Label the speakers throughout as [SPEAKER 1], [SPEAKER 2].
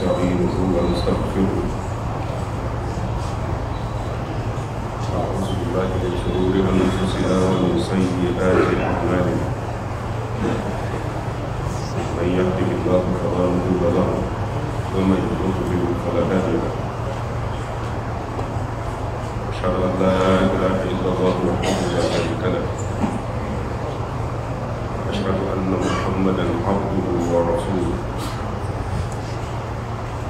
[SPEAKER 1] نستعينه ونستغفره نعوذ بالله من شرور انفسنا ومن سيئات اعمالنا من يهده الله فلا مضل له ومن يضلل فلا هادي له اشهد ان لا اله الا الله وحده لا شريك له اشهد ان محمدا عبده ورسوله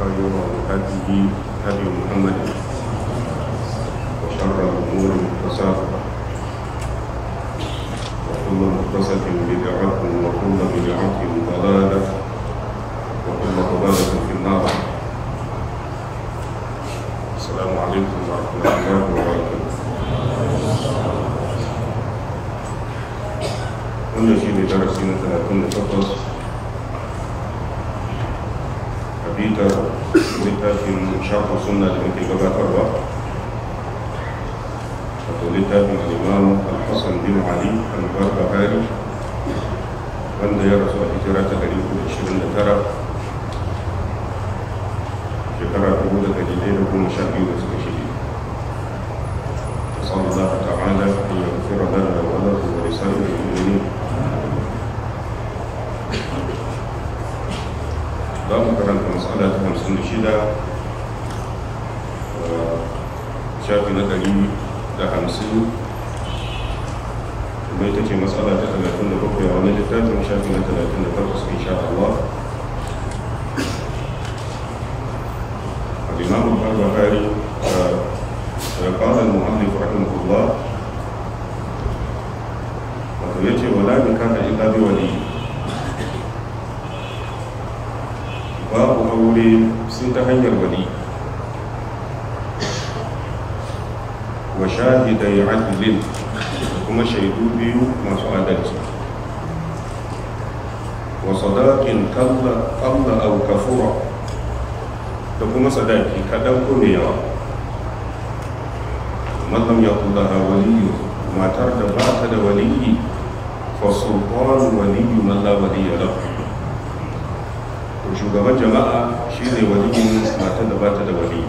[SPEAKER 1] خير هذه هدي محمد وشر الأمور محدثاتها وكل محدثة بدعة وكل بدعة ضلالة وكل ضلالة في النار السلام عليكم ورحمة الله وبركاته wannan shi ne darasi na 38 الإمام الحسن بن علي البربهاري wanda ya rasu a hijira ta 329 shekara 1412 da suka babu aure sun ta hanyar wani. wa shahidai adlin kuma shaidu biyu masu adalci wa sadakin kalla au kafura da kuma sadaki kaɗan ko mai yawa mallam ya kula a waliyu matar da ba ta da waliyi fasulkon waliyu malla waliyu lafi to shugaban jama'a shi ne waliyin matan da bata da wali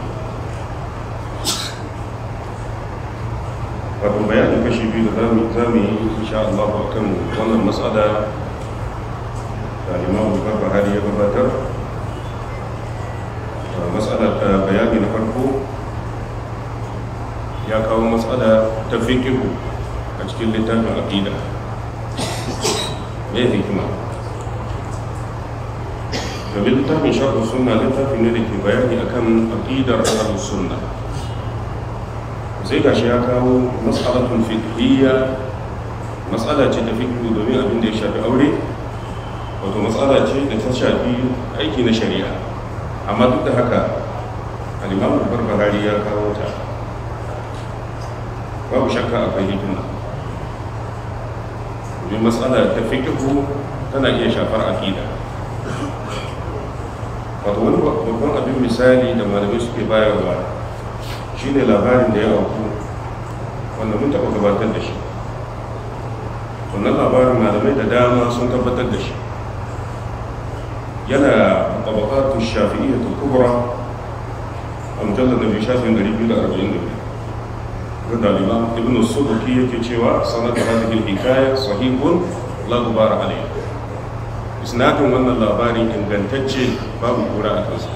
[SPEAKER 1] wato bayanin kashi biyu da za mu yi insha Allah kan wannan matsala da imamu hari ya gabatar matsala ta bayani na farko ya kawo matsala ta fikihu a cikin littafin aqida me hikima domin littafin sharhu sunna littafi ne da ke bayani akan aqidar sharhu sunna sai gashi ya kawo mas'alatun fiqhiyya matsala ce ta fiqhu domin abin da ya shafi aure wato matsala ce da ta shafi aiki na shari'a amma duk da haka al-imam barbarari ya kawo ta babu shakka akwai hikima domin matsala ta fiqhu tana iya shafar aqida wato wani babban abin misali da malamai suke bayarwa ne labarin da ya auku wanda mun taɓa gabatar da shi wannan labarin malamai da dama sun tabbatar da shi yana tabakatu shafi'iyya ta kubra a mujallar da biyu shafin 242 wanda liman ibn subuki yake cewa sanar da hadin hikaya sahihun la gubara alayhi Isnatin wannan labarin ingantacce babu kura a kansa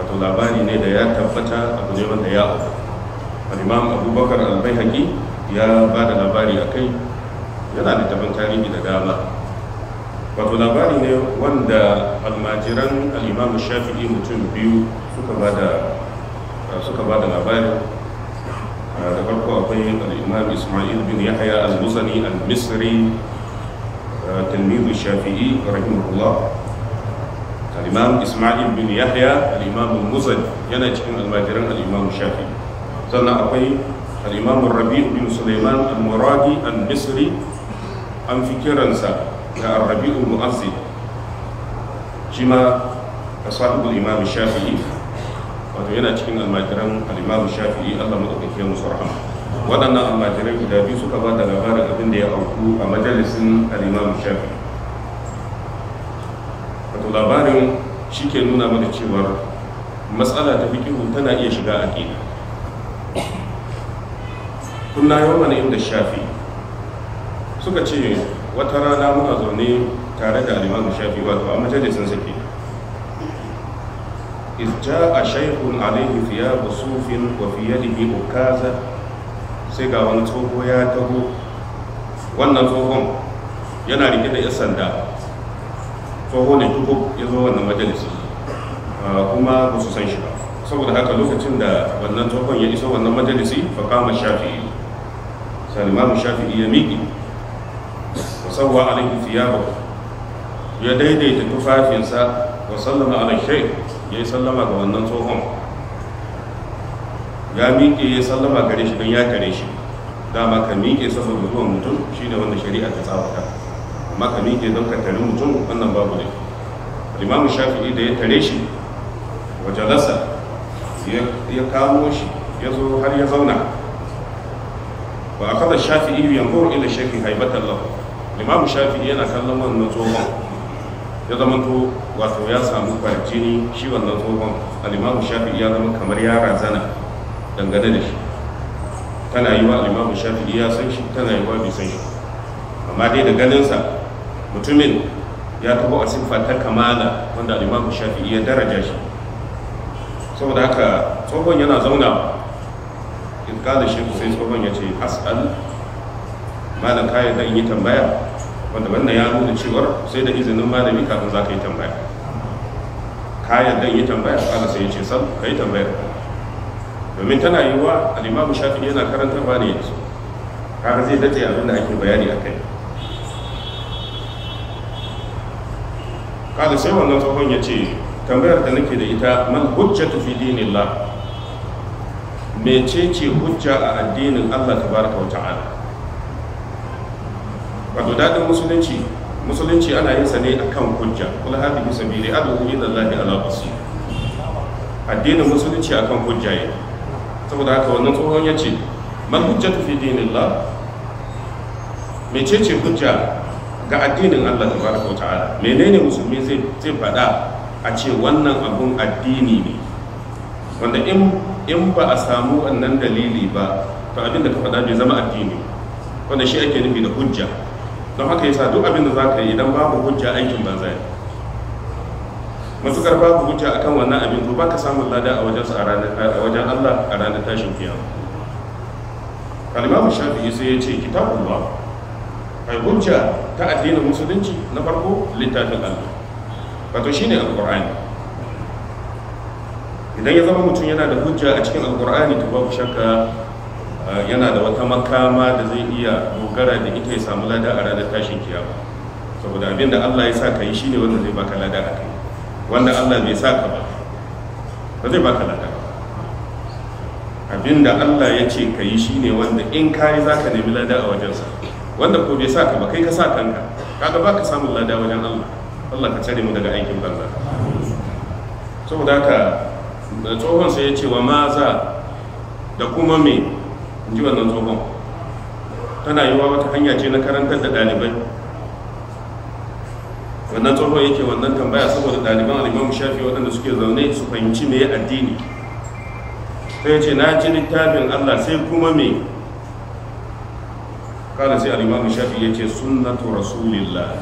[SPEAKER 1] wato labari ne da ya tabbata a ne wanda ya auku al'imam abubakar albaihaki ya ba da labari a kai yana da tabin tarihi da dama wato labari ne wanda almajiran al'imam shafi'i mutum biyu suka ba da labari ah, da farko akwai al'imam ismail bin yahya al-musani al-misri تلميذ الشافعي رحمه الله الإمام إسماعيل بن يحيى الإمام المزد ينج من المجرم الإمام الشافعي سنة أقوي الإمام الربيع بن سليمان المرادي المصري أم فكرا سا الربيع المؤزي جما صاحب الإمام الشافعي وهو ينج من المجرم الإمام الشافعي الله مدقك يوم صرحمه waɗannan almajirai guda biyu suka ba da labarin abin da ya auku a majalisin al'imam shafi wato labarin shi ke nuna mana cewar matsala ta kihu tana iya shiga aƙida na yau mana inda shafi suka ce wata rana muna zaune tare da al'imam shafi wato a majalisin sake إذ جاء شيخ عليه ثياب صوف وفي يده أكازة sai ga wani tsoho ya taho wannan tsohon yana rike da 'yan sanda tsoho ne duk ya zo wannan majalisi kuma ba su san shi ba saboda haka lokacin da wannan tsohon ya iso wannan majalisi fa kama shafi'i salimamu shafi'i ya miƙi musawwa alaihi thiyaba ya daidaita tufafinsa wa sallama alaihi ya yi sallama ga wannan tsohon ya miƙe ya sallama gare shi don ya tare shi dama ka miƙe saboda zuwan mutum shi ne wanda shari'a ta tsawata amma ka miƙe don ka tare mutum wannan babu ne limamu shafi'i da ya tare shi wa jalasa ya kamo shi ya zo har ya zauna ba a kada shafi'i yanzu ila shafi haibatar lahu limamu shafi'i yana kallon na tsohon ya zama to wato ya samu kwarjini shi wannan tsohon alimamu shafi'i ya zama kamar ya razana dangane da shi tana yi wa limamu shafi'i ya san shi tana yi wa bisan shi amma dai da ganinsa mutumin ya taɓa a siffa ta kamala wanda limamu shafi'i ya daraja shi saboda haka tsohon yana zauna in kada shi sai tsohon ya ce as'al malam kayan da yi tambaya wanda wannan ya nuna cewar sai da izinin malami kafin za ka yi tambaya kayan da yi tambaya kada sai ya ce sal ka yi tambaya domin tana yiwuwa alimamu shafi yana ba ne yanzu haka zai dace abin da ake bayani a kai kada sai wannan tsohon ya ce tambayar da nake da ita man hujja fi ce mecece hujja a addinin allah baraka wa ala wato daɗin musulunci musulunci ana yin sa ne kan hujja kula hadi biyu ne adu da allah ala basu addinin musulunci akan hujja yake saboda haka wannan tsohon ya ce mal fi dinillah mecece hujja ga addinin Allah baraka wa ta'ala menene musulmi zai zai a ce wannan abun addini ne wanda in ba a samu wannan dalili ba to abin da ka fada bai zama addini wanda shi ake nufi da hujja don haka yasa duk abin da za ka yi idan babu hujja aikin banza ne matukar babu hujja akan wannan abin to baka samun lada a wajen a ranar wajen Allah a ranar tashin kiyama al shafi Shafi'i sai ya ce kitabullah kai hujja ta addinin musulunci na farko littafin Allah wato shine al-Qur'ani idan ya zama mutum yana da hujja a cikin al-Qur'ani to babu shakka yana da wata makama da zai iya dogara da ita ya samu lada a ranar tashin kiyama saboda abin da Allah ya sa ka yi shine wanda zai baka lada a kai wanda Allah bai sa ka ba ba zai baka lada abinda Allah ya ce ka yi shine wanda in ka yi za ka nemi lada a wajensa wanda ko bai sa ka ba kai ka sa kanka kaga ba ka samun lada wajen Allah Allah ka tsare mu daga aikin banza saboda haka tsohon sai ya ce wa maza da kuma me in ji wannan tsohon tana wa wata hanya ce na karantar da ɗalibai wannan tsohon yake wannan tambaya saboda ɗaliban alimamu shafi waɗanda suke zaune su fahimci mai addini sai ce na ji littafin allah sai kuma me Kada sai alimamu shafi ya ce sunnatu rasulillah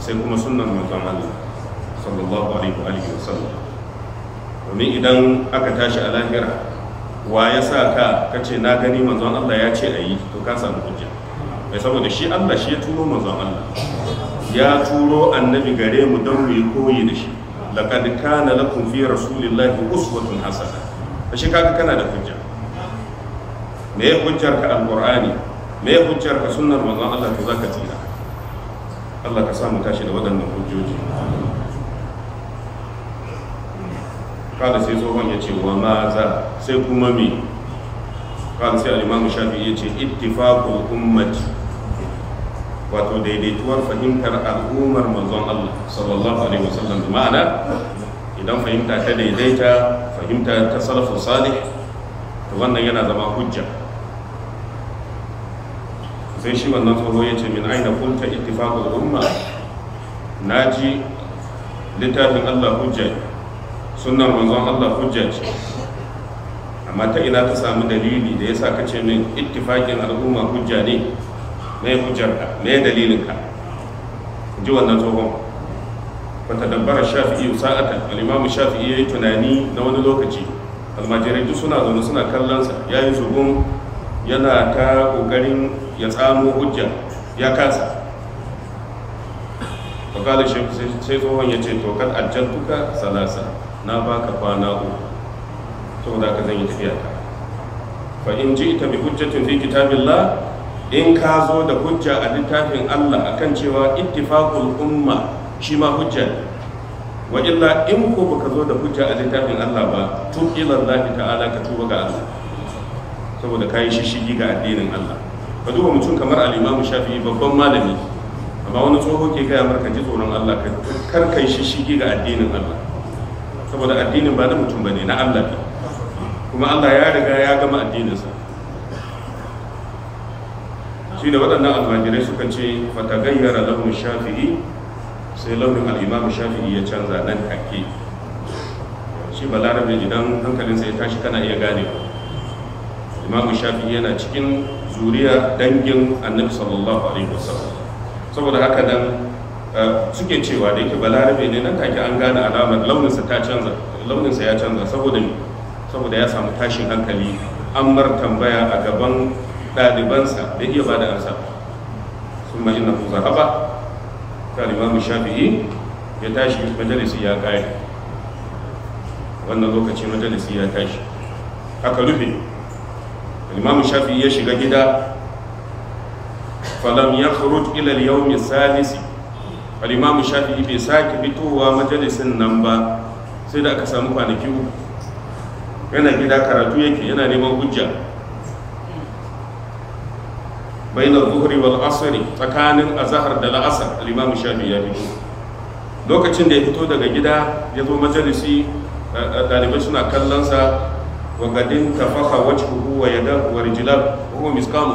[SPEAKER 1] sai kuma sunnan manzon allah sallallahu alaihi wa sallam domin idan aka tashi a lahira wa ya sa ka ka ce na gani manzon allah ya ce a yi to ka samu hujja mai saboda shi allah shi ya turo manzon allah ya turo annabi gare mu don mu yi koyi da shi laqad kana lakum fi rasulillahi uswatun hasana ashe kaga kana da hujja me ya hujjar ka alqur'ani me ya hujjar ka sunnar manzon Allah to zaka tsira Allah ka samu tashi da waɗannan hujjoji kada sai tsohon ya ce wa maza sai kuma me kada sai al-imam shafi'i ya ce ittifaqul ummati wato daidaituwar fahimtar al'ummar manzon Allah sallallahu alaihi wasallam da ma'ana idan fahimta ta daidaita fahimta ta salafu salih to wannan yana zama hujja sai shi wannan tsoro ya ce min aina kunta ittifaqul umma naji littafin Allah hujja sunnar manzon Allah hujja ce amma ta ina ta samu dalili da yasa kace min ittifaqin al'umma hujja ne me hujjarka me dalilinka ji wannan tsohon wata dabbara shafi'i sa'ata al'imamu shafi'i ya yi tunani na wani lokaci almajirai duk suna zaune suna kallonsa. Ya yi zugun yana ta kokarin ya tsamo hujja ya kasa fakala sai tsohon ya ce to kan ajjantuka salasa na baka kwana uku saboda ka zan yi tafiya ta fa in ji ita bi hujjatin fi la in ka zo da hujja a littafin Allah a kan cewa ittifaqul umma shi ma hujja ne wa illa in ko baka zo da hujja a littafin Allah ba tub ila Allah ta'ala ka tuba ga Allah saboda kai shishigi ga addinin Allah ka duba mutum kamar al-Imam Shafi'i babban malami amma wani tsoho ke gaya marka ji tsoron Allah kar kai shishigi ga addinin Allah saboda addinin ba na mutum bane na Allah ne kuma Allah ya riga ya gama addininsa shi waɗannan almajirai suka ce fata gayyara launin shafi'i sai launin al'imam shafi'i ya canza nan hakke shi balarabe idan hankalinsa ya tashi kana iya gane imam shafi'i yana cikin zuriya dangin annabi sallallahu alaihi wasallam saboda haka nan eh, suke cewa da yake balarabe ne nan take an gane alamar launinsa ta canza launinsa ya canza saboda saboda ya samu tashin hankali an mar tambaya a gaban ɗalibansa bai iya ba da ansa sun ma ina kusa haɓa mu shafi'i ya tashi majalisi ya ƙaya wannan lokaci majalisi ya tashi aka rufe kalimamu shafi'i ya shiga gida falam ya furuj ilal mai salisi mu shafi'i bai sake fitowa majalisin nan ba sai da aka samu kwanaki uku yana gida karatu yake yana neman hujja bainar zuhri wal asri tsakanin azahar da la'asar al shafi ya fito lokacin da ya fito daga gida ya zo majalisi dalibai eh, eh, suna kallon sa wa gadin tafaha wajhuhu wa yadahu wa rijlahu huwa miskamu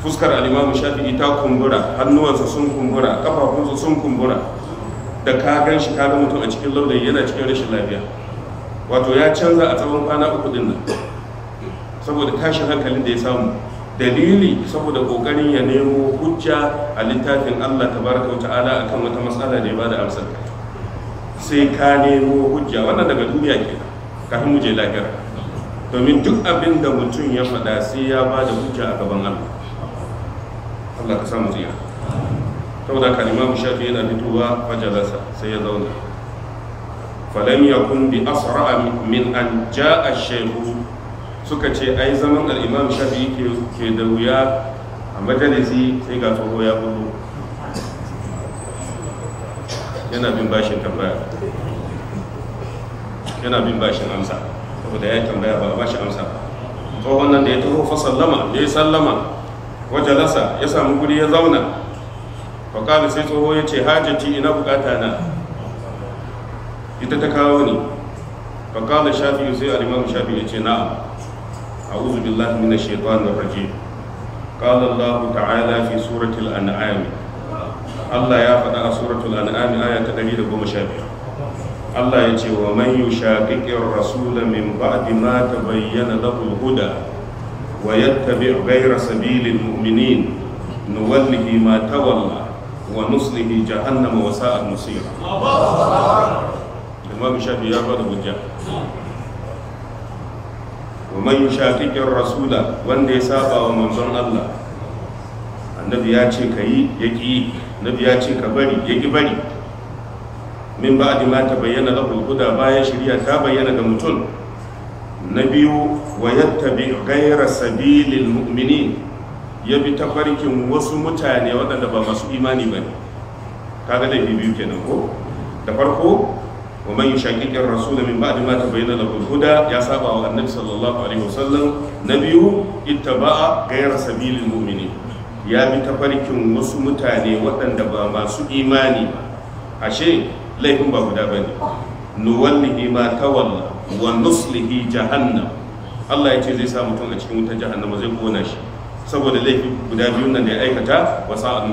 [SPEAKER 1] fuskar al shafi'i ta kumbura hannuwansa sun kumbura kafafunsa sun kumbura da ka gan shi ka ga mutum a cikin launin yana cikin rashin lafiya wato ya canza a tsawon kwana uku din nan saboda tashin hankalin da ya samu dalili saboda kokarin ya nemo hujja a littafin Allah tabaraka wa ta'ala akan wata matsala da ya bada amsar sai ka nemo hujja wannan daga duniya ke kafin mu je lahira domin duk abin da mutum ya faɗa sai ya bada hujja a gaban Allah Allah ka samu tsira saboda kalima mu shafi yana fitowa majalasa sai ya zauna falam yakun bi asra min an ja'a shaykhu suka ce ai zaman al'imam shafi ke da wuya a majalisi sai ga tsoho ya gudu yana bin bashin tambaya yana bin bashin amsa saboda ya yi tambaya ba a bashi amsa tsohon nan da ya taho fa sallama ya yi sallama wajen lasa ya samu guri ya zauna faƙari sai tsoho ya ce hajjaci ina bukata na ita ta kawo ne faƙari shafi sai alimamu shafi ya ce na'am أعوذ بالله من الشيطان الرجيم قال الله تعالى في سورة الأنعام الله يا فدا سورة الأنعام آية تدريد ومشابه الله يجي ومن يشاقق الرسول من بعد ما تبين له الهدى ويتبع غير سبيل المؤمنين نوله ما تولى ونصله جهنم وساءت مصيرا الإمام الشافعي يا فدا wa man shaqiqir rasula wanda ya saba wa manzon Allah annabi ya ce kayi yaki annabi ya ce ka bari yaki bari min ba'di ma tabayyana lahu al-huda bayan shari'a ta bayyana ga mutum na biyu wa yattabi ghayra sabilil mu'minin ya bi tafarkin wasu mutane waɗanda ba masu imani ba ne kaga da biyu kenan ko da farko wa man yushaqiqir rasul min ba'di ma tabayyana lahu huda ya saba wa annabi sallallahu alaihi ita nabiyu ittaba'a ghayra sabilil mu'minin ya bi tafarkin wasu mutane waɗanda ba masu imani ba ashe laifin ba guda bane nuwallihi ma tawalla wa nuslihi jahannam Allah ya ce zai sa mutum a cikin wutar jahannama zai kona shi saboda laifin guda biyun nan ya aikata wa sa'al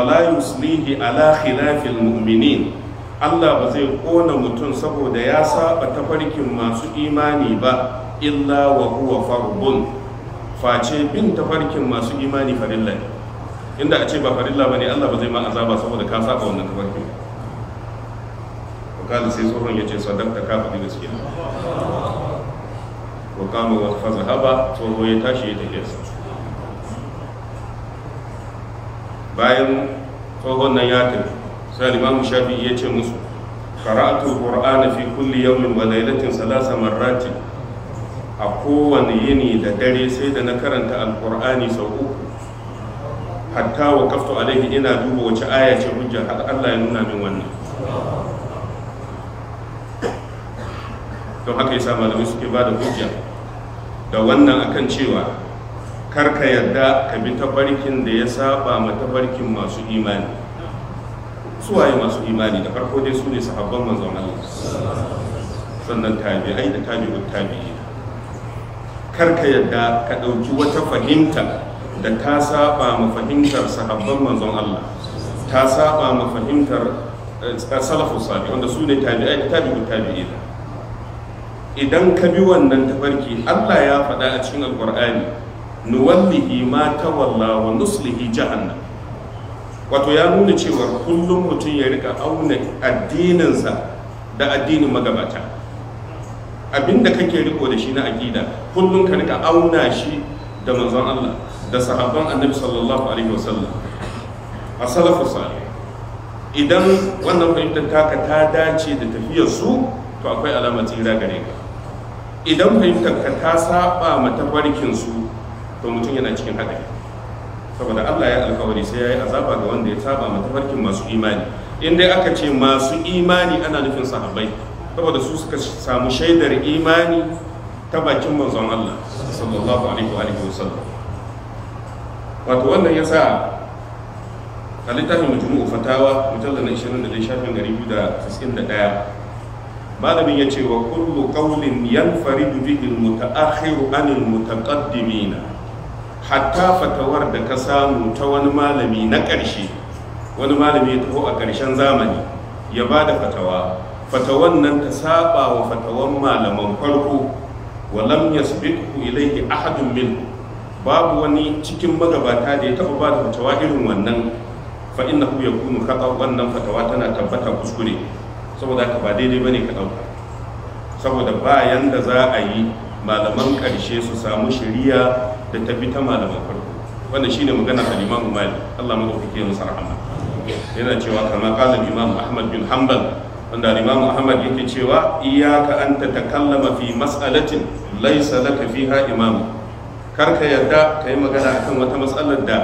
[SPEAKER 1] ala khilafil mu'minin Allah ba zai kona mutum saboda ya saba tafarkin masu imani ba illa wa huwa farbun face bin tafarkin masu imani farilla ne inda a ce ba farilla ba ne Allah ba zai ma azaba saboda ka saba wannan tafarkin wakali sai tsohon ya ce sadakta ka faɗi gaskiya wa kama wa fazahaba tsoho ya tashi ya tafi bayan tsohon nan ya tafi sai limamu shafi ya ce musu karatu qur'ana fi kulli yawmin wa laylatin salasa marrati a kowane yini da dare sai da na karanta alqur'ani sau uku hatta wa kaftu alaihi ina duba wace aya ce hujja har Allah ya nuna min wannan don haka yasa malamai suke ba da hujja da wannan akan cewa karka yarda ka bi tabarkin da ya saba ma tabarkin masu imani suwaye masu imani da farko dai su ne sahabban manzon Allah sannan tabi'ai da tabi'ut tabi'i kar ka yadda ka ɗauki wata fahimta da ta saba ma fahimtar sahabban manzon Allah ta saba ma fahimtar eh, salafu sabi wanda su ne tabi'ai da tabi'ut tabi'i idan ka bi wannan tafarki Allah ya faɗa a cikin alqur'ani nuwallihi ma tawalla wa nuslihi jahannam wato ya nuna cewa kullum mutum ya rika auna addininsa da addinin magabata abinda kake riko da shi na aƙida kullum ka rika auna shi da manzon Allah da sahabban annabi sallallahu alaihi wasallam a salafu sai idan wannan fahimtar taka ta dace da tafiyar su to akwai alamar tsira gare ka idan fahimtar ka ta saba mata farkin su to mutum yana cikin haɗari saboda Allah ya alkawari sai ya yi azaba ga wanda ya saba ma tafarkin masu imani in dai aka ce masu imani ana nufin sahabbai saboda su suka samu shaidar imani ta bakin manzon Allah sallallahu alaihi wa alihi wasallam wato wannan yasa a littafin mutum fatawa mujallar 21 shafin da 291 malamin ya ce wa kullu qawlin yanfaridu bihi al-muta'akhir anil mutaqaddimina hatta fatawar da ka samu ta wani malami na ƙarshe wani malami ya taho a ƙarshen zamani ya ba da fatawa fatawan nan ta saba wa fatawan malaman farko walam ilai ilayhi ahadun mil. babu wani cikin magabata da ya taba ba da fatawa irin wannan fa innahu yakunu kaɗa wannan fatawa tana tabbata kuskure saboda ka ba daidai bane ka ɗauka. saboda bayan da za a yi malaman ƙarshe su samu shari'a da tafi ta malaman farko wannan shine magana al-Imam Malik Allah madaukake ya masa rahama yana cewa kama qala Imam Ahmad bin Hanbal wanda al-Imam Ahmad yake cewa iyyaka an tatakallama fi mas'alatin laysa laka fiha imam kar ka yarda kai magana akan wata mas'alar da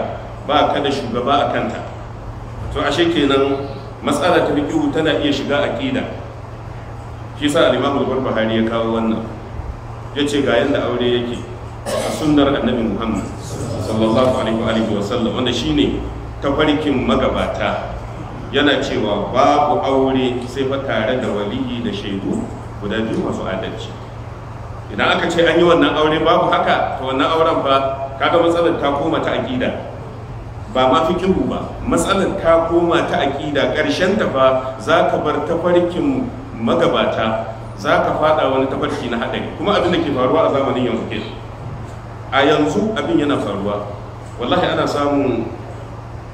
[SPEAKER 1] ba ka da shugaba a kanta to ashe kenan matsala ta fiqh tana iya shiga aqida shi sa al-Imam al-Barbahari ya kawo wannan yace ga yanda aure yake a sunnar annabi muhammad sallallahu alaihi wa sallam wanda shine tafarkin magabata yana cewa babu aure sai fa tare da waliyi da shaidu guda biyu masu adalci idan aka ce an yi wannan aure babu haka to wannan auren ba kaga matsalar ta koma ta aqida ba ma fi fikihu ba matsalar ta koma ta aqida karshen ta fa zaka bar tafarkin magabata zaka fada wani tafarki na hadari kuma abin da ke faruwa a zamanin yanzu kenan a yanzu abin yana faruwa wallahi ana samun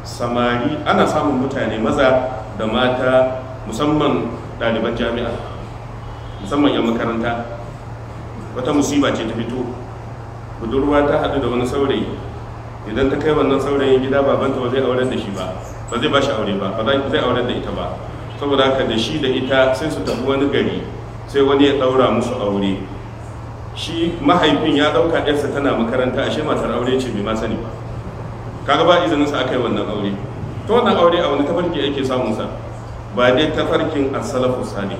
[SPEAKER 1] samari ana samun mutane maza da mata musamman ɗaliban jami'a musamman 'yan makaranta wata musiba ce ta fito budurwa ta haɗu da wani saurayi idan ta kai wannan saurayin gida babanta ba zai aure da shi ba ba zai ba shi aure ba ba zai aure da ita ba saboda haka da shi da ita sai su tafi wani gari sai wani ya ɗaura musu aure shi mahaifin ya dauka ɗansa tana makaranta ashe matar aure ce bai ma sani ba kaga ba izinin sa akai wannan aure to wannan aure a wani tafarki yake samun sa ba dai tafarkin as-salafu salih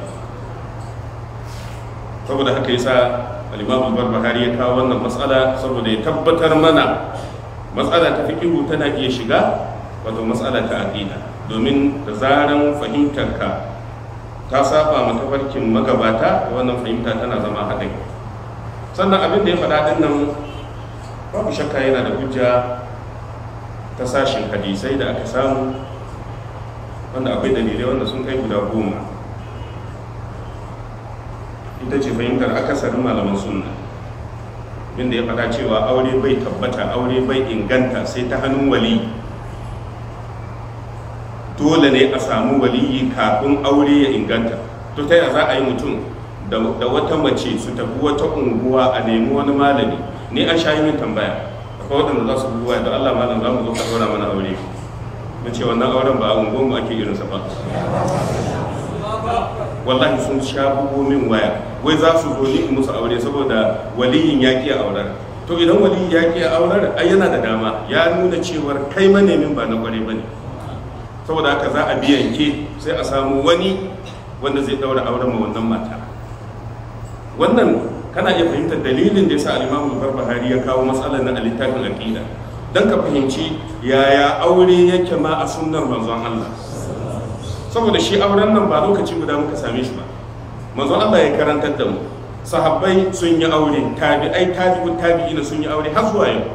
[SPEAKER 1] saboda haka yasa al-imam al-barbahari ya kawo wannan matsala saboda ya tabbatar mana matsala ta fiqhu tana iya shiga wato matsala ta aqida domin da zaran ka ta saba ma tafarkin magabata wannan fahimta tana zama haɗari sannan abin da ya faɗa ɗin nan babu shakka yana da hujja ta sashin hadisai da aka samu wanda akwai dalilai wanda sun kai guda goma ita ce fahimtar akasarin malaman sunna da ya faɗa cewa aure bai tabbata aure bai inganta sai ta hannun wali dole ne a samu waliyi kafin aure ya inganta to ta za a yi mutum da wata mace su tafi wata unguwa a nemi wani malami ni an sha min tambaya akwai wadanda za su buwa da Allah malam za mu zo ka mana aure na ce wannan auren ba a unguwan mu ake irinsa ba wallahi sun sha bugu min waya wai za su zo ni musu aure saboda waliyin ya aurar to idan waliyin ya ƙi aurar ai yana da dama ya nuna cewar kai manemin ba na kware ba ne saboda haka za a ke, sai a samu wani wanda zai ɗaura auren ma wannan mata wannan kana iya fahimtar dalilin da yasa al-imamu barbahari ya kawo matsalar na littafin aqida dan ka fahimci yaya aure yake ma a sunnar manzon Allah saboda shi auren nan ba lokaci guda muka same shi ba manzon Allah ya karantar da mu sahabbai sun yi aure tabi'ai tabi'u tabi'ina sun yi aure har zuwa yau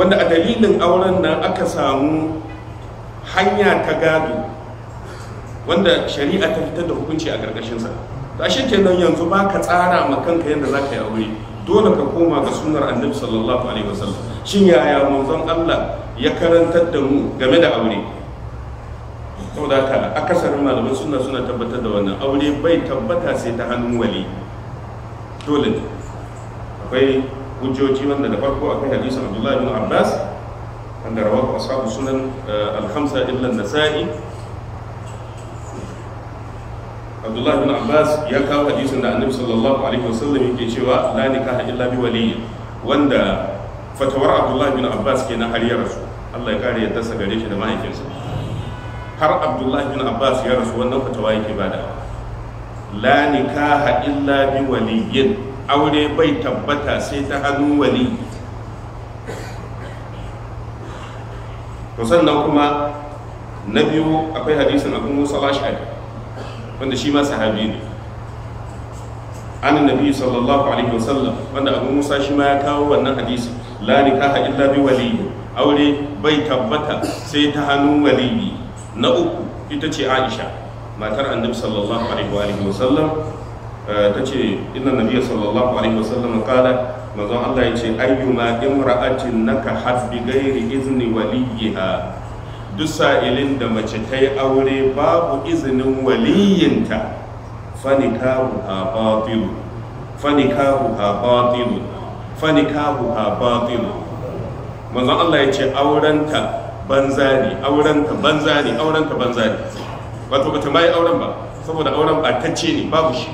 [SPEAKER 1] wanda a dalilin auren nan aka samu hanya ta gado wanda shari'a ta fitar da hukunci a ƙarƙashinsa to ashe kenan yanzu ba ka tsara ma kanka yadda za ka yi aure dole ka koma ga sunar annabi sallallahu alaihi wasallam shin yaya manzon Allah ya karantar da mu game da aure saboda haka akasarin malaman sunna suna tabbatar da wannan aure bai tabbata sai ta hannun wali dole ne akwai hujjoji wanda da farko akwai hadisin Abdullahi ibn Abbas wanda rawahu ashabu sunan eh, al-khamsa illa an-nasa'i abdullahi bin abbas ya kawo hadisin da annabi sallallahu alaihi wasallam yake cewa la nikaha illa bi waliyyi wanda fatawar abdullahi bin abbas kenan har ya rasu Allah ya kare yadda sa gare shi da mahaifinsa har abdullahi bin abbas ya rasu wannan fatawa yake bada la nikaha illa bi waliyyin aure bai tabbata sai ta hannu wali to sannan kuma na biyu akwai hadisin abu musa al-ash'ari wanda shi ma sahabi ne an nabi sallallahu alaihi wasallam wanda abu musa shi ma ya kawo wannan hadisi la nikaha illa bi waliyi aure bai tabbata sai ta hannu waliyi na uku ita ce aisha matar annabi sallallahu alaihi wasallam eh, ta ce inna nabi sallallahu alaihi wasallam kala mazan allah ya ce ayyuma imra'atin naka hasbi ghairi izni waliyiha duk sa'ilin da mace ta yi aure babu izinin waliyinta fanikahu ha batilu fanikahu ha batilu fanikahu ha batilu manzon Allah ya ce aurenta banza ne aurenta banza ne aurenta banza ne wato bata ma auren ba saboda auren ba ce ne babu shi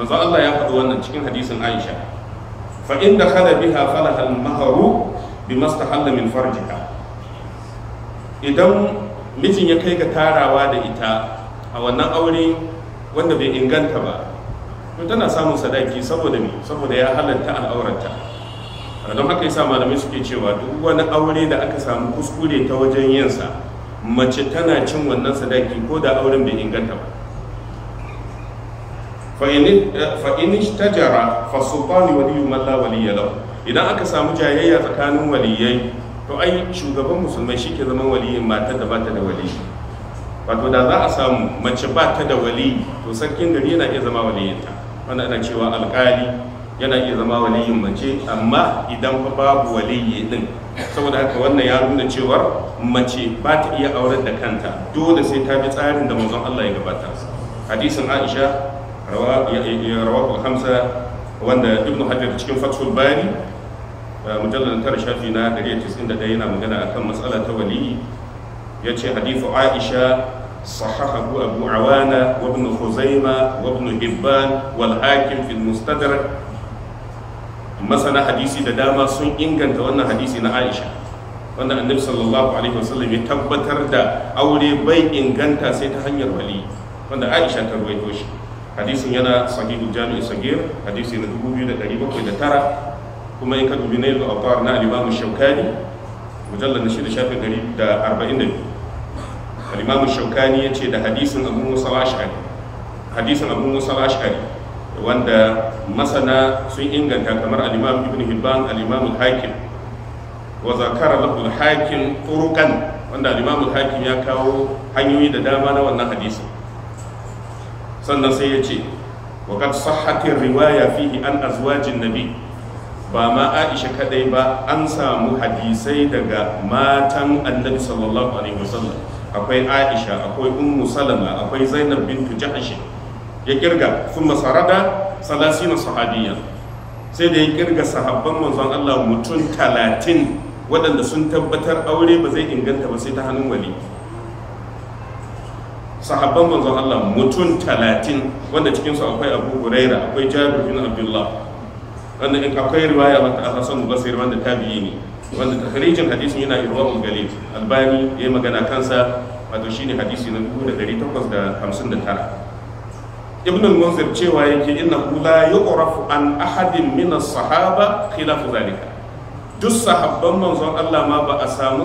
[SPEAKER 1] manzon Allah ya faɗi wannan cikin hadisin Aisha fa in dakhala biha falaha al-mahru bimastahalla min farjiha idan mijin ya kai ga tarawa da ita a wannan aure wanda bai inganta ba to tana samun sadaki saboda me saboda ya halatta al'auranta don haka yasa malamai suke cewa duk wani aure da aka samu kuskure ta wajen yinsa mace tana cin wannan sadaki ko da auren bai inganta ba fa'in tajara fasultani waliyu malla waliyya lau idan aka samu jayayya tsakanin waliyai to ai shugaban musulmai shi ke zama waliyin matar da bata da wali wato da za a samu mace bata da wali to sarkin gari yana iya zama waliyinta wanda ana cewa alkali yana iya zama waliyin mace amma idan fa babu waliyi din saboda haka wannan ya nuna cewar mace ba ta iya aurar da kanta dole sai ta bi tsarin da manzon Allah ya gabata hadisin Aisha rawa rawa Hamza wanda Ibn Hajar cikin Fathul Bari Eh, mujallar tara shafi na 191 yana magana a kan matsala ta wali. ya ce hadithu aisha sahahahu abu awana wa ibn khuzaima wa ibn hibban wal hakim fil mustadrak masana hadisi da dama sun inganta wannan hadisi na aisha Wannan annabi sallallahu alaihi wasallam ya tabbatar da aure bai inganta sai ta hanyar wali wanda aisha ta ruwaito shi hadisin yana sahihul jami'i sagir hadisi na 2709 kuma in ka dubi na yanzu a na alimamu shaukani mujallar na shida shafin gari da arba'in da biyu alimamu shaukani ya ce da hadisin abu musa ashari hadisin abu musa ashari wanda masana sun inganta kamar alimamu ibn hibban alimamu hakim wa zakara lahul hakim turukan wanda alimamu hakim ya kawo hanyoyi da dama na wannan hadisin sannan sai ya ce wa kad sahhatir riwaya fihi an azwajin nabi ba ma aisha kadai ba an samu hadisai daga matan annabi sallallahu alaihi wasallam akwai aisha akwai ummu salama akwai zainab bintu jahashi ya kirga sun masarada salasina sahabiyya sai da ya kirga sahabban manzon Allah mutum talatin waɗanda sun tabbatar aure ba zai inganta ba sai ta hannun wali sahabban manzon Allah mutum talatin wanda cikinsu akwai abu huraira akwai jabir bin abdullah wanda in akwai riwaya wata al-hasan al-basri wanda tabi'i ne wanda takhrijin hadisin yana irwaul galil albani yi magana kansa wato ne hadisi na 1859 ibn al-munzir cewa yake innahu la yuqrafu an ahadin min as-sahaba khilafu zalika duk sahabban manzon Allah ma ba a samu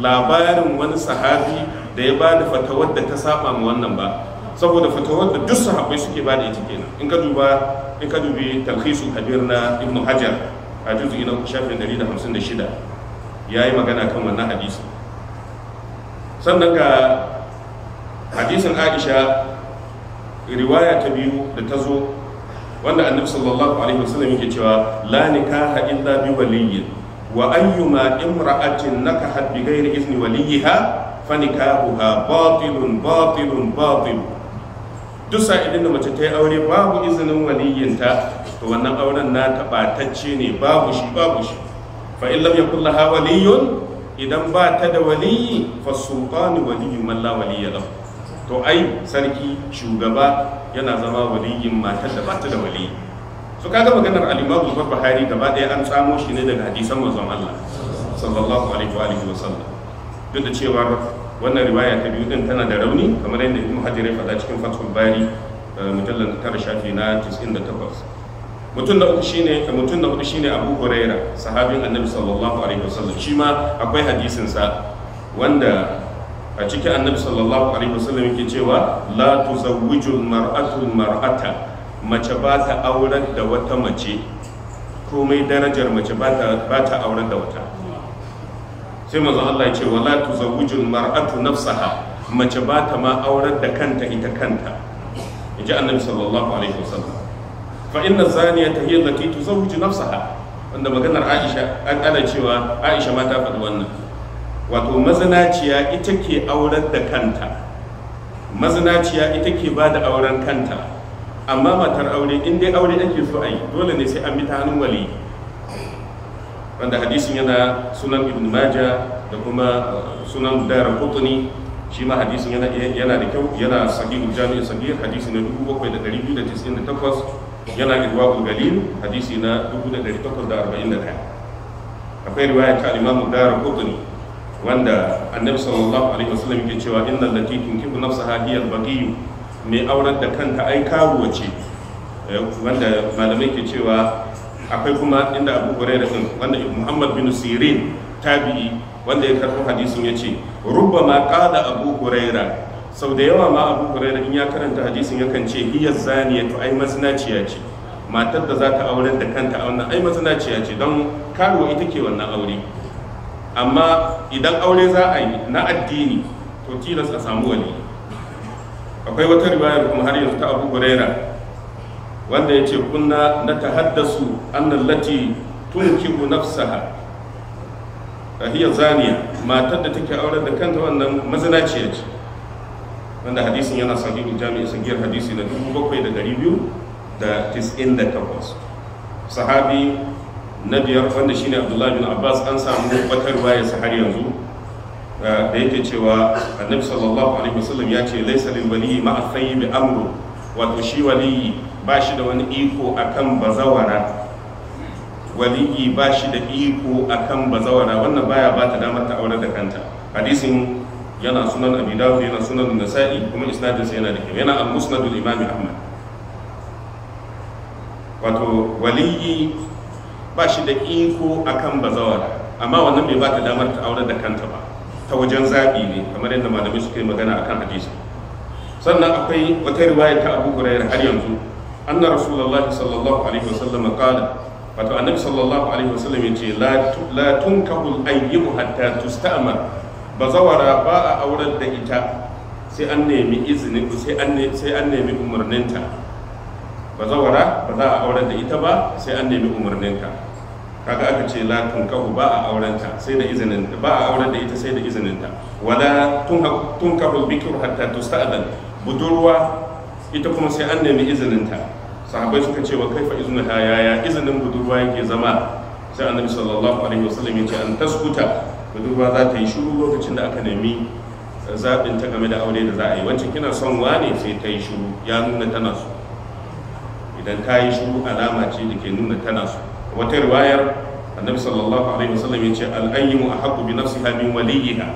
[SPEAKER 1] labarin wani sahabi da ya ba da fatawar da ta saba ma wannan ba saboda fatawar da duk sahabbai suke ba da ita kenan in ka duba in ka dubi talhisul kabir na ibnu hajar a juzu'i na shafin 156 ya yi magana kan wannan hadisi sannan ga hadisin aisha riwaya ta biyu da ta zo wanda annabi sallallahu alaihi wasallam yake cewa la nikaha illa bi waliyyin wa ayyuma imra'atin nakahat bi ghairi izni waliyiha fa nikahuha batilun batilun batilun duk sa'ilin da mace ta yi aure babu izinin waliyinta to wannan auren na tabatacce ne babu shi babu shi fa in lam yakul laha waliyun idan ba ta da waliyi fa sultani waliyun man la waliya lahu to ai sarki shugaba yana zama waliyin matar da ba ta da waliyi so kaga maganar al-imamu Bukhari gaba daya an tsamo shi ne daga hadisan manzon Allah sallallahu alaihi wa alihi wa sallam duk da cewa wannan riwaya ta biyu din tana da rauni kamar yadda ibn hajar ya faɗa cikin fathul bari eh, mujallal tara shafi na 98 mutum na uku shine mutum na shine abu huraira sahabin annabi sallallahu alaihi wasallam shi ma akwai hadisin sa wanda a cikin annabi sallallahu alaihi wasallam yake cewa la tuzawwijul mar'atu mar'ata mace ba ta aurar da wata mace komai darajar mace ba ta aurar da wata sai manzon Allah ya ce wala tuzawwijul mar'atu nafsaha mace ba ta ma aurar da kanta ita kanta inji annabi sallallahu alaihi wasallam fa inna zaniyata hiya allati tuzawwiju nafsaha wanda maganar Aisha an kana cewa Aisha ma ta faɗi wannan wato mazinaciya ita ke aurar da kanta mazinaciya ita ke ba da auren kanta amma matar aure in dai aure ake so a yi dole ne sai an bi ta hannun waliyi wanda hadisin yana sunan ibn maja da kuma uh, sunan dara kutuni shi ma hadisin yana yana da kyau yana sahihul jami'i sahih hadisi na 7298 yana irwaul galil hadisi na 1841 akwai riwaya ta imamu dara kutuni wanda annabi sallallahu alaihi wasallam yake cewa innal lati tunkibu nafsaha hiya al baqiy mai aurar da kanta ai karuwa ce eh, wanda malamai ke cewa akwai kuma inda abu hurairah din wanda muhammad bin sirin tabi'i wanda ya karɓi hadisin ya ce ma kada abu hurairah sau da yawa ma abu hurairah in ya karanta hadisin yakan ce hiya to ai mazinaciya ce matar da za ta auren da kanta a wannan ai mazinaciya ce don karuwa ita ke wannan aure amma idan aure za a yi na addini to tilas a samu wani akwai wata riwayar kuma har yanzu ta abu hurairah wanda ya ce kunna na tahaddasu annan lati tunkihu nafsaha hiya zaniya matar da take aure da kanta wannan mazinaciya ce wanda hadisin yana sahihu jami'i sagiyar hadisi na 7298 sahabi na biyar wanda shine abdullahi bin abbas an samu bakarwa ya har yanzu eh, da yake cewa annabi sallallahu alaihi wasallam ya ce laysa lil wali ma'a thayyibi amru wato shi waliyi ba shi da wani iko akan bazawara waliyi ba shi da iko akan bazawara wannan baya ba ta damar ta aure da kanta hadisin yana sunan abi dawud yana sunan nasa'i kuma isnadin sa yana da kyau yana al-musnad al-imam ahmad wato waliyi ba shi da iko akan bazawara amma wannan bai ba ta damar ta aure da kanta ba ta wajen zaɓi ne kamar yadda malamai suka yi magana akan hadisin sannan akwai wata riwaya ta Abu Hurairah har yanzu anna rasulullahi sallallahu alaihi wasallam qala wato annabi sallallahu alaihi wasallam yace la la tunkahul ayyibu hatta tusta'mar bazawara ba a aurar da ita sai an nemi izini sai an sai an nemi umarninta bazawara ba za a aurar da ita ba sai an nemi umarninta kaga aka ce la tunkahu ba a aurenta sai da izinin ba a auren da ita sai da izininta wala tunkahu bikru hatta tusta'dan budurwa ita kuma sai an nemi izininta sahabai suka ce wa kaifa izinin yaya izinin budurwa yake zama sai annabi sallallahu alaihi wasallam ya ce an taskuta budurwa za ta yi shiru lokacin da aka nemi eh, zaɓin ta game da aure da za a yi wancan kina son wane sai ta yi shiru ya nuna tana so idan ta yi shiru alama ce da ke nuna tana so wata riwayar annabi sallallahu alaihi wasallam ya ce al'ayyimu a haƙu bi nafsiha min waliyiha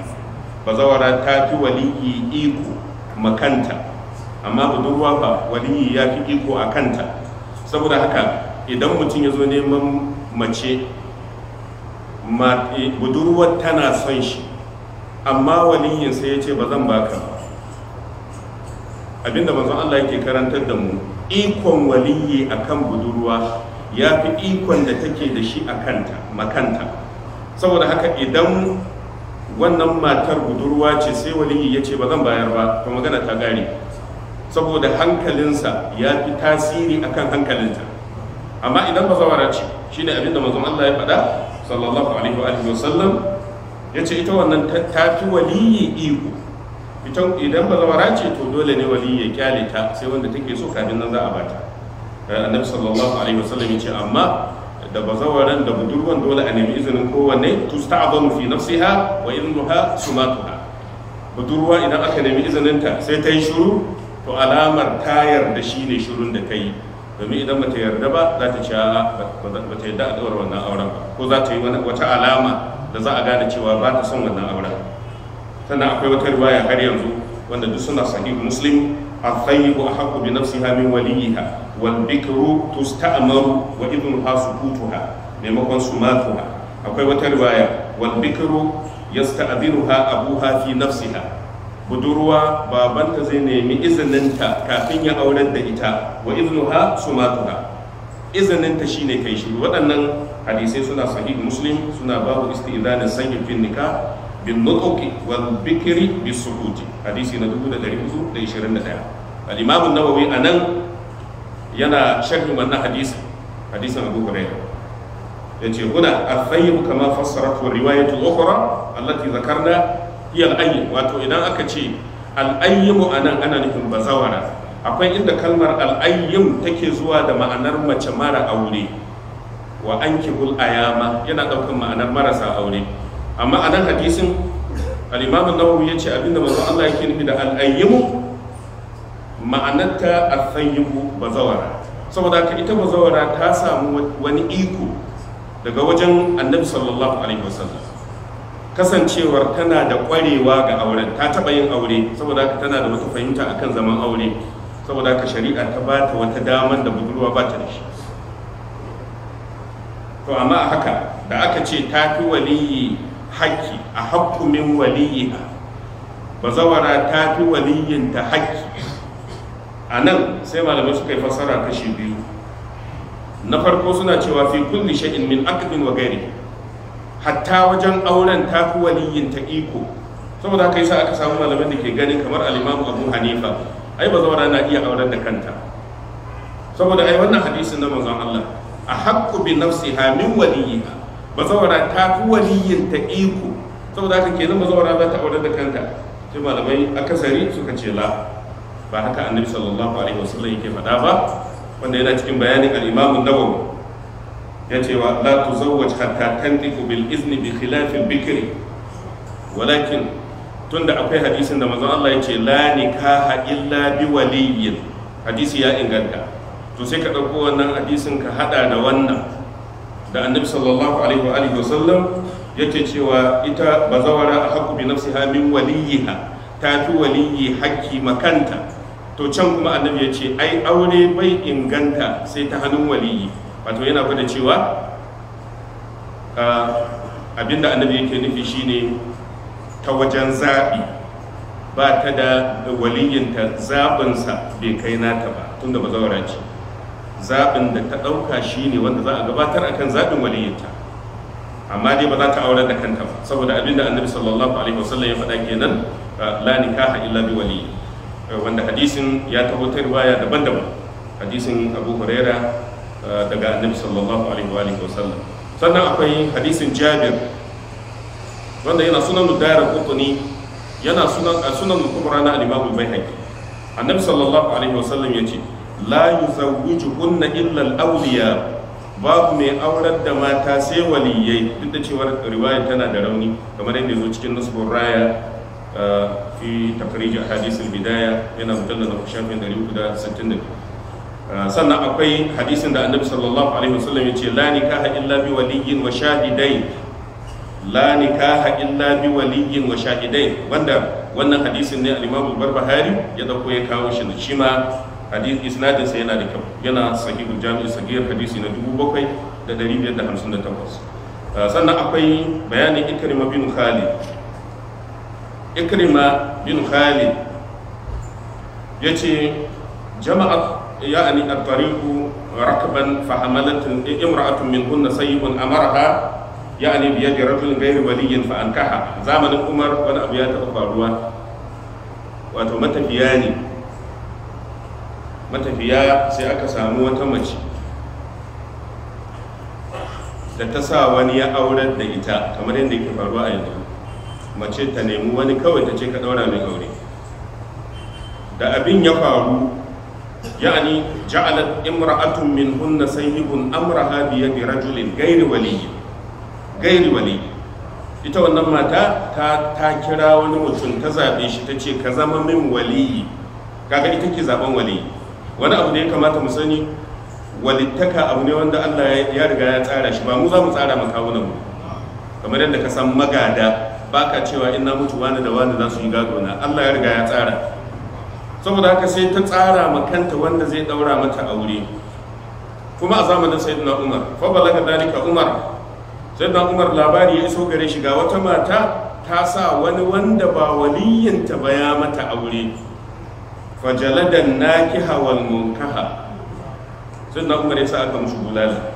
[SPEAKER 1] bazawara ta fi waliyi iko makanta amma budurwa fa waliyi ya fi iko a kanta saboda haka idan mutum ya zo neman mace eh, budurwar tana son shi amma waliyin sai ya ce ba zan baka ba abinda manzon Allah yake karantar da mu ikon waliyi akan budurwa ya fi ikon da take da shi a kanta makanta saboda haka idan wannan matar budurwa ce sai waliyi ya ce ba zan bayar ba ba magana ta gane saboda hankalinsa ya fi tasiri akan hankalinta amma idan ba zawara ce shine ne abinda mazan Allah ya faɗa sallallahu alaihi wa sallam ya ce ita wannan ta fi waliyi iko idan ba zawara ce to dole ne waliyi ya kyale ta sai wanda take so kafin nan za a bata eh, annabi sallallahu alaihi wa sallam ya ce amma da bazawaran da budurwan dole a nemi izinin kowanne tusta'zanu fi nafsiha wa ilmuha sumatuha budurwa idan aka nemi izininta sai ta yi shuru to alamar ta yarda ne shurun da ta yi domin idan bata yarda ba za ta ci ba ta yarda a ɗaura wannan auren ba ko za ta yi wata alama da za a gane cewa ba ta son wannan auren sannan akwai wata riwaya har yanzu wanda duk suna sahih muslim الطيب أحق بنفسها من وليها والبكر تستأمر وإذنها سكوتها maimakon sumatuha akwai wata riwaya wal bikru yasta'dhiruha abuha fi nafsiha budurwa babanta zai nemi izininta kafin ya aurar da ita wa iznuha sumatuha izininta shine kai shi waɗannan hadisai suna sahih muslim suna babu iska sayyid fin nikah bin nutuki wal bikri bis sukuti hadisi na 1421 al-imam an-nawawi anan yana sharhin wannan hadisi hadisin abu hurairah yace huna al-thayb kama fassarat wa riwayat al-ukhra allati dhakarna hiya al-ayy wato idan aka ce al anan ana nufin bazawara akwai inda kalmar al-ayyim take zuwa da ma'anar mace mara aure wa ankihul ayama yana daukan ma'anar marasa aure amma a nan hadisin al'imamun nawawi ya ce abinda manzo Allah yake nufi da al'ayyimu ma'anarta al'ayyimu bazawara saboda ka ita bazawara ta samu wani iko daga wajen annabi sallallahu alaihi wasallam kasancewar tana da kwarewa ga auren ta taba yin aure saboda ka tana da wata fahimta akan zaman aure saboda ka shari'a ta ba ta wata daman da budurwa ba ta da shi to amma haka da aka ce ta fi waliyi haƙƙi a haƙƙumin min waliyiha bazawara ta fi waliyinta haƙƙi a nan sai malamai suka yi fasara kashi biyu na farko suna cewa fi kulli sha'in min aqdin wa gari hatta wajen auren ta fi waliyinta iko saboda haka yasa aka samu malamin da ke ganin kamar al-Imam Abu Hanifa ai bazawara na iya auren da kanta saboda ai wannan hadisin na manzon Allah a haqqu bi nafsiha min bazawara ta fi waliyin ta iko saboda haka kenan bazawara za ta aure da kanta sai malamai akasari suka ce la ba haka annabi sallallahu alaihi wasallam yake faɗa ba wanda yana cikin bayanin al-imam an-nawawi ya ce wa la tuzawwaj hatta tantiqu bil izni bi khilaf al-bikri walakin tunda akwai hadisin da manzon Allah ya ce la nikaha illa bi waliyyin hadisi ya inganta to sai ka ɗauko wannan hadisin ka hada da wannan da annabi sallallahu alaihi wa alihi wasallam yake cewa ita bazawara a haƙu bi nafsiha min waliyiha ta fi waliyi haƙƙi makanta to can kuma annabi ya ce ai aure bai inganta sai ta hannun waliyi wato yana fada cewa abinda annabi yake nufi shine ta wajen zaɓi ba ta da waliyinta zaɓinsa bai kai nata ba tunda bazawara ce zaɓin da ta ɗauka shi ne wanda za a gabatar a kan zaɓin waliyyanta amma dai ba za ta aurar da kanta ba saboda abin da annabi sallallahu alaihi wasallam ya faɗa kenan la nikaha illa bi wali eh, wanda hadisin ya taho ta riwaya daban-daban hadisin abu huraira eh, daga annabi sallallahu alaihi wa wasallam sannan akwai hadisin jabir wanda yana sunan dara qutni yana sunan sunan kubra na al-imam al-baihaqi annabi sallallahu alaihi wasallam yace la yuzawwijuhunna illa al-awliya babu mai aurar da mata sai waliyai duk da cewar riwaya tana da rauni kamar yadda zo cikin nasbur raya fi takrij hadith al-bidaya yana mujallad shafin 362 sannan akwai hadisin da annabi sallallahu alaihi wasallam ya ce la nikaha illa bi waliyyin wa shahidai la nikaha illa bi waliyyin wa shahidai wanda wannan hadisin ne al-imam al-barbahari ya dauko ya kawo shi da shima. hadith isnadin sa yana da kyau yana sahihul jami'i sahihar hadisi na 7558 ah, sannan akwai bayanin ikrima bin Khali. ikrima bin ya yace jama'a يعني الطريق ركبا فحملت امرأة منهن سيب أمرها يعني بيد رجل غير ولي فأنكحها زمن عمر وأنا أبيات أخبار wato متى بياني matafiya sai aka samu wata mace da ta sa wani ya aurar da ita kamar yadda yake faruwa a yanzu mace ta nemi wani kawai ta ce ka daura mai aure da abin ya faru ya'ani ja'alat imra'atun min hunna sayyibun amraha bi yadi rajulin ghairi waliyyi ghairi waliyyi ita wannan mata ta ta kira wani mutum ta zabe shi ta ce ka zama min waliyyi kaga ita ke zaben waliyyi wani abu da ya kamata mu sani walittaka abu ne wanda Allah ya riga ya tsara shi ba mu za mu tsara mu kawo mu kamar yadda ka san magada baka cewa in na mutu wani da wani za su yi gado na Allah ya riga ya tsara saboda haka sai ta tsara ma kanta wanda zai daura mata aure kuma a zamanin sayyidina Umar fa balaga dalika Umar sayyidina Umar labari ya iso gare shi ga wata mata ta sa wani wanda ba waliyinta ba ya mata aure fajaladan nakiha wal munkaha sun na umar yasa aka musu bulala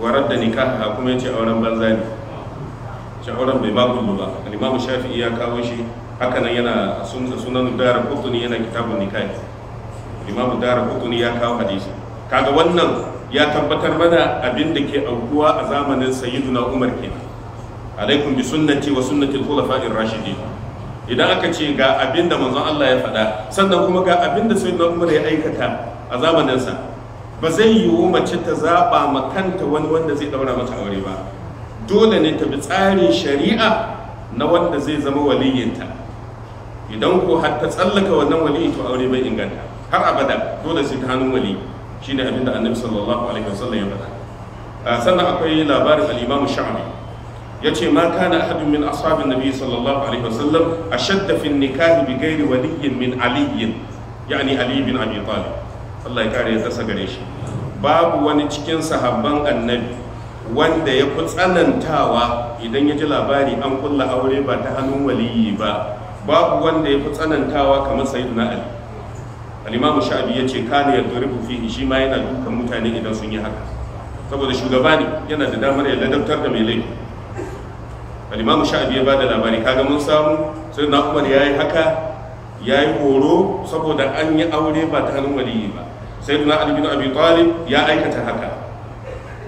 [SPEAKER 1] warar da nikaha kuma yace auren banza ne ce auren bai ma kullu ba al-imam shafi'i ya kawo shi haka nan yana sunan dara kutuni yana kitabun nikahi al-imam dara kutuni ya kawo hadisi kaga wannan ya tabbatar mana abin da ke aukuwa a zamanin sayyiduna umar kenan alaikum bi sunnati wa sunnati al-khulafa'ir rashidin idan aka ce ga abin da manzon Allah ya faɗa sannan kuma ga abin da sayyidina Umar ya aikata a zamaninsa ba zai yiwu mace ta zaɓa ma kanta wani wanda zai ɗaura mata aure ba dole ne ta bi tsarin shari'a na wanda zai zama waliyinta idan ko har ta tsallaka wannan waliyi to aure bai inganta har abada dole sai ta hannun wali shine abin da annabi sallallahu alaihi wasallam ya faɗa ah, sannan akwai labarin al-imamu ya ce ma kana ahadun min ashabin nabi sallallahu alaihi wasallam ashadda fi nikahi bi gairi waliyyin min aliyyin yani ali bin abi talib Allah ya kare ya tsasa gare shi babu wani cikin sahabban annabi wanda ya fi tsanantawa idan ya ji labari an kulla aure ba ta hannun waliyi ba babu wanda ya fi tsanantawa kamar sayyidina ali al-imamu sha'abi ya ce kana ya duribu fihi shi ma yana dukkan mutane idan sun yi haka saboda shugaba ne yana da damar ya ladabtar da mai laifi al-imamu sha'abi ya bada labari kaga mun samu sai na umar yayi haka yayi horo saboda an yi aure ba ta hannun waliyi ba sai na ali abi talib ya aikata haka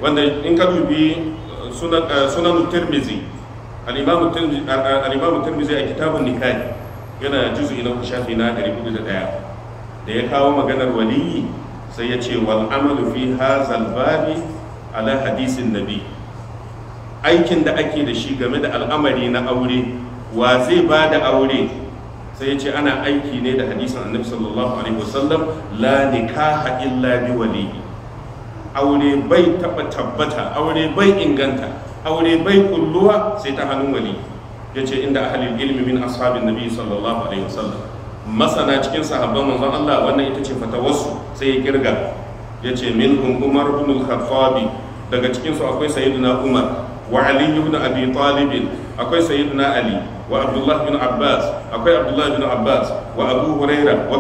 [SPEAKER 1] wanda in ka dubi uh, sunan uh, sunan tirmizi al-imamu uh, tirmizi a kitabun nikah yana juz'i na shafi na ɗaya da ya kawo maganar waliyi sai ya ce wal amalu fi hazal babi ala hadisin nabi aikin da ake da shi game da al'amari na aure wa zai ba da aure sai ya ce ana aiki ne da hadisin annabi sallallahu alaihi wasallam la nikaha illa bi wali aure bai taba tabbata aure bai inganta aure bai kulluwa sai ta hannun wali ya ce inda ahalil ilmi min ashabin nabi sallallahu alaihi wasallam masana cikin sahabban manzon Allah wannan ita ce fatawarsu sai ya kirga ya ce min umar ibn al-khattabi daga cikin su akwai na umar wa ali ibn abi talib akwai sayyidina ali wa abdullah bin abbas akwai abdullah bin abbas wa abu huraira wa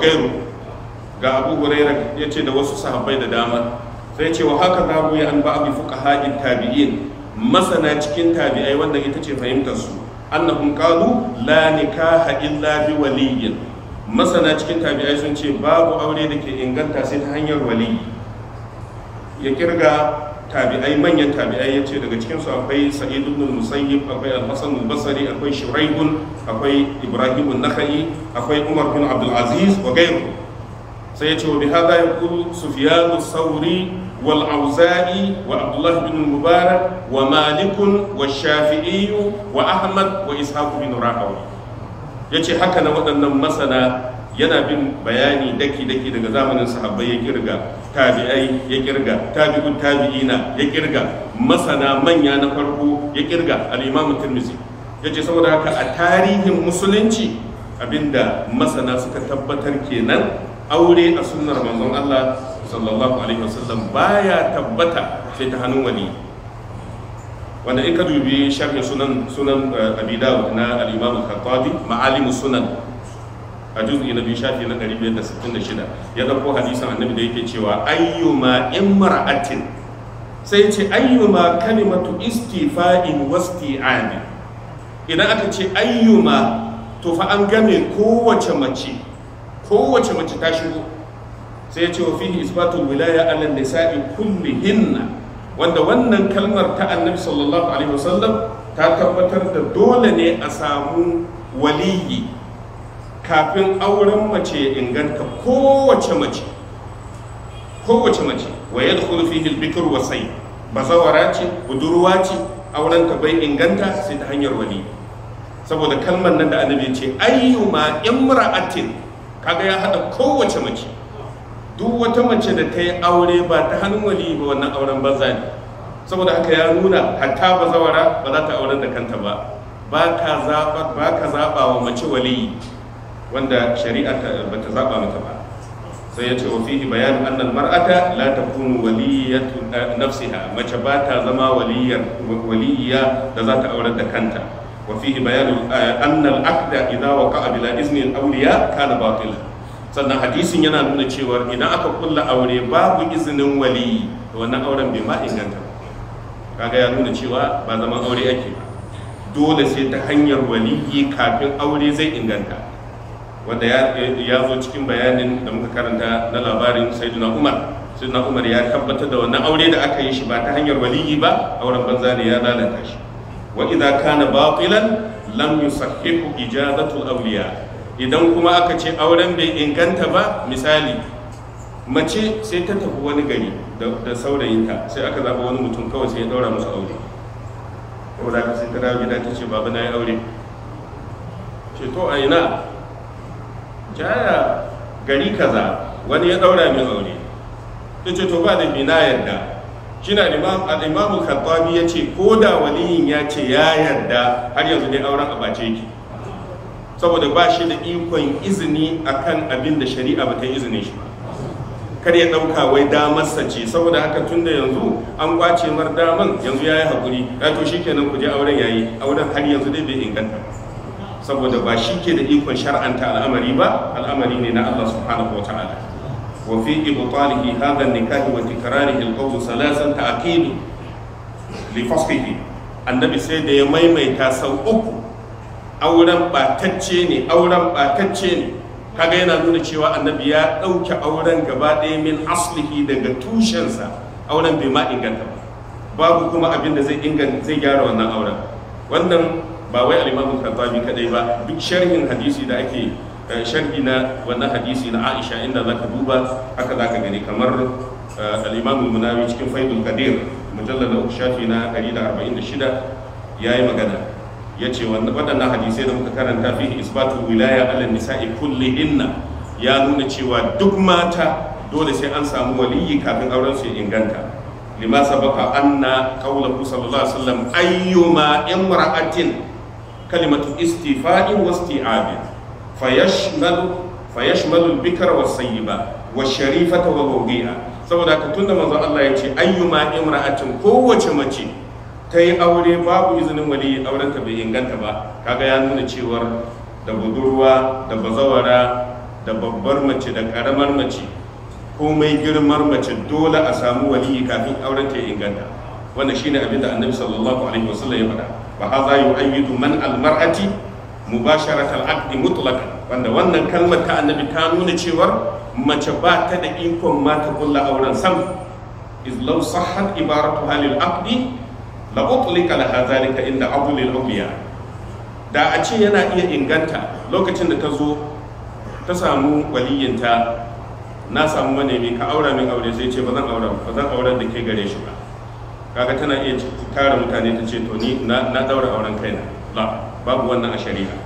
[SPEAKER 1] ga abu huraira yace da wasu sahabbai da dama sai ce wa haka rabu ya an ba'd fuqaha'in tabi'in masana cikin tabi'ai wanda ita ce fahimtar su annahum qalu la nikaha illa bi waliyyin masana cikin tabi'ai sun ce babu aure da ke inganta sai ta hanyar waliyi ya kirga tabi'ai manyan tabi'ai yace daga cikinsu akwai Sa'idu ibn musayyib akwai al-hasan al-basri akwai shuraib akwai ibrahim an-nakhai akwai umar bin abdul aziz wa ghayru sai ce wa bihadha yaqulu sufyan as-sawri wal auza'i wa abdullah bin mubarak wa malik wa shafi'i wa ahmad wa ishaq bin rahawi yace haka na waɗannan masana yana bin bayani daki daki daga zamanin sahabbai ya kirga tabi'ai ya kirga tabi'un tabi'ina ya kirga masana manya na farko ya kirga al-imamu tirmizi ce saboda haka a tarihin musulunci abinda masana suka tabbatar kenan aure a sunnar manzon Allah sallallahu alaihi wasallam baya tabbata sai ta hannun wani. wanda in ka dubi sharhin sunan sunan eh, abi na al khattabi sunan a juz'i na biyu shafi na 566 ya dauko hadisin annabi da yake cewa ayyuma in imra'atin sai ce ayyuma kalimatu istifa'in wasti'ani idan aka ce ayyuma to fa an game kowace mace kowace mace ta shigo sai ya ce wa fihi isbatul wilaya ala nisa'i kullihinna wanda wannan kalmar ta annabi sallallahu alaihi wasallam ta tabbatar da dole ne a samu waliyi kafin auren mace ya inganta kowace mace kowace mace wa ya dukkan fi hilbikar wasai bazawara ce budurwa ce auren ta bai inganta sai ta hanyar wali saboda kalmar nan da annabi ce ayyuma imra'atin kaga ya hada kowace mace duk wata mace da ta yi aure ba ta hannun wali ba wannan auren banza ne saboda haka ya nuna hatta bazawara ba za ta auren da kanta ba ba ka zaba wa mace waliyi wanda shari'a ba ta zaba mata ba sai ya ce wa fihi bayan annal mar'ata la takunu waliyatu eh, nafsiha mace ba ta zama waliyar waliya da za ta aurar da kanta wa fihi bayan eh, annal aqda idza waqa'a bila izni al awliya kana batila sannan hadisin yana nuna cewa idan aka kulla aure babu izinin wali wannan auren bai ma inganta kaga ya nuna cewa ba zaman aure ake ba dole sai ta hanyar waliyi kafin aure zai inganta wanda ya zo cikin bayanin da muka karanta na labarin sayyidina umar sayyidina umar ya tabbatar da wannan aure da aka yi shi ba ta hanyar waliyi ba auren banza ne ya lalata shi wa idza kana batilan lam yusahhihu ijazatu awliya idan kuma aka ce auren bai inganta ba misali mace sai ta tafi wani gari da saurayinta sai aka zaba wani mutum kawai sai ya daura musu aure da ka sai ta dawo gida ta ce baba na yi aure ce to a ina jaya gari kaza wani ya daura min aure to ce to ba da na yarda shina al-imamu khattabi ya ce ko da waliyin ya ce ya yarda har yanzu dai auren a bace ki saboda ba shi da ikon izini akan abin da shari'a ba ta izini shi kar ya dauka wai damarsa ce saboda haka tun da yanzu an kwace mar daman yanzu ya yi haƙuri ya to kenan ku je auren yayi auren har yanzu dai bai inganta ba saboda ba shi ke da ikon shar'anta al'amari ba al'amari ne na Allah subhanahu wa ta'ala wa fi ibtalihi hadha an-nikah wa tikrarihi al-qawl salasan ta'kid li fasqihi annabi sai da ya maimaita sau uku auren batacce ne auren batacce ne kaga yana nuna cewa annabi ya ɗauke auren gaba ɗaya min aslihi daga tushensa auren bai ma inganta ba babu kuma abin da zai inganta zai gyara wannan auren wannan ba wai alimamin imamu kadai ba duk sharhin hadisi da ake eh, sharhi na wannan hadisi na Aisha inda zaka duba haka zaka gani kamar eh, al munawi cikin faidul qadir mujallal na shafi na 146 yayi magana yace waɗannan hadisai da muka karanta fi isbatu wilaya ala nisa'i kullihinna ya nuna cewa duk mata dole sai an samu waliyi kafin auren su ya inganta lima sabaka anna qawluhu sallallahu alaihi wasallam ayyuma imra'atin kalimatu istifa'i wa isti'abi fayashmalu fayashmalu al-bikra was sayyiba wa sharifata wa bawdi'a saboda ka tunda manzon Allah ya ce ayyuma imra'atin kowace mace ta yi aure babu izinin wali aurenta bai inganta ba kaga ya nuna cewar da budurwa da bazawara da babbar mace da karamar mace komai girmar mace dole a samu waliyi kafin auren ta inganta wannan shine abinda annabi sallallahu alaihi wasallam ya faɗa wa hadha yu'ayyidu man al-mar'ati mubasharat al-aqd mutlaqan wanda wannan kalmar ta ta nuna cewar mace ba ta da ikon ma ta kulla auren sam iz law sahhat ibaratuha lil aqd la utlika laha dhalika inda abu lil da a ce yana iya inganta lokacin da ta zo ta samu waliyinta na samu manemi ka aura min aure sai ce ba zan aura ba auren da ke gare shi ba kaga tana iya tara mutane ta ce to ni na daura auren kaina ba babu wannan a shari'a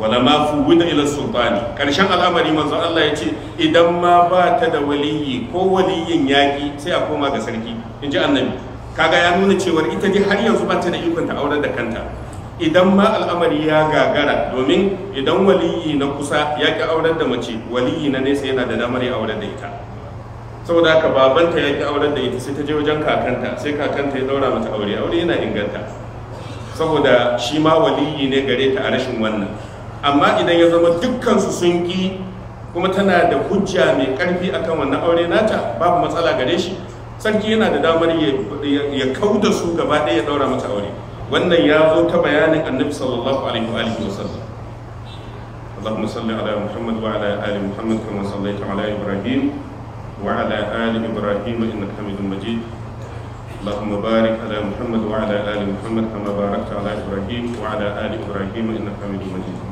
[SPEAKER 1] wala ma fuwida ila sultani karshen al'amari manzo Allah ya ce idan ma ba ta da waliyi ko waliyin yaki sai a koma ga sarki in ji annabi kaga ya nuna cewa ita dai har yanzu ba ta da ikon ta aurar da kanta idan ma al'amari ya gagara domin idan waliyi na kusa ya ki aurar da mace waliyi na nesa yana da damar ya aurar da ita saboda haka babanta ya ki auren da ita sai ta je wajen kakanta sai kakanta ya daura mata aure aure yana inganta saboda shi ma waliyi ne gare ta a rashin wannan amma idan ya zama dukkansu sun ki kuma tana da hujja mai karfi akan wannan aure nata babu matsala gare shi sarki yana da damar ya kau da su gaba ɗaya ya daura mata aure wannan ya zo ta bayanin annabi sallallahu alaihi wa alihi wasallam اللهم صل على محمد وعلى ال محمد كما صليت على ابراهيم وعلى آل إبراهيم إنك حميد مجيد اللهم بارك على محمد وعلى آل محمد كما باركت على إبراهيم وعلى آل إبراهيم إنك حميد مجيد